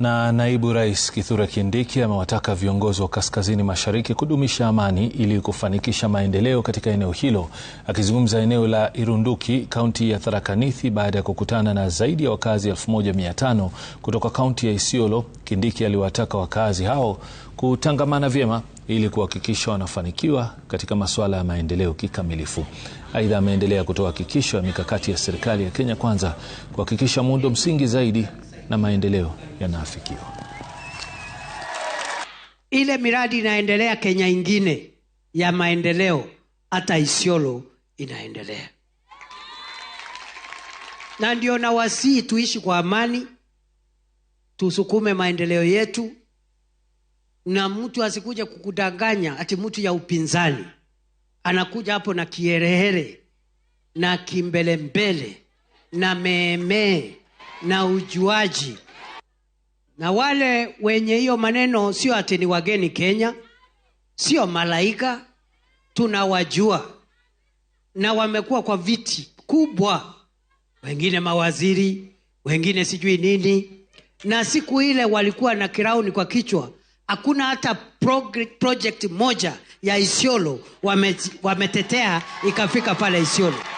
Na naibu rais Kithure Kindiki amewataka viongozi wa kaskazini mashariki kudumisha amani ili kufanikisha maendeleo katika eneo hilo. Akizungumza eneo la Irunduki, kaunti ya Tharaka Nithi, baada ya kukutana na zaidi ya wakazi 1500 kutoka kaunti ya Isiolo, Kindiki aliwataka wakazi hao kutangamana vyema ili kuhakikisha wanafanikiwa katika masuala ya maendeleo kikamilifu. Aidha, ameendelea kutoa hakikisho ya mikakati ya serikali ya Kenya Kwanza kuhakikisha muundo msingi zaidi na maendeleo yanaafikiwa. Ile miradi inaendelea Kenya ingine ya maendeleo, hata Isiolo inaendelea, na ndio na tuishi kwa amani, tusukume maendeleo yetu, na mtu asikuje kukudanganya ati mtu ya upinzani anakuja hapo na kiherehere na kimbelembele na meemee na ujuaji. Na wale wenye hiyo maneno sio ati ni wageni Kenya, sio malaika, tunawajua na wamekuwa kwa viti kubwa, wengine mawaziri, wengine sijui nini, na siku ile walikuwa na kirauni kwa kichwa. Hakuna hata project moja ya Isiolo wametetea ikafika pale Isiolo.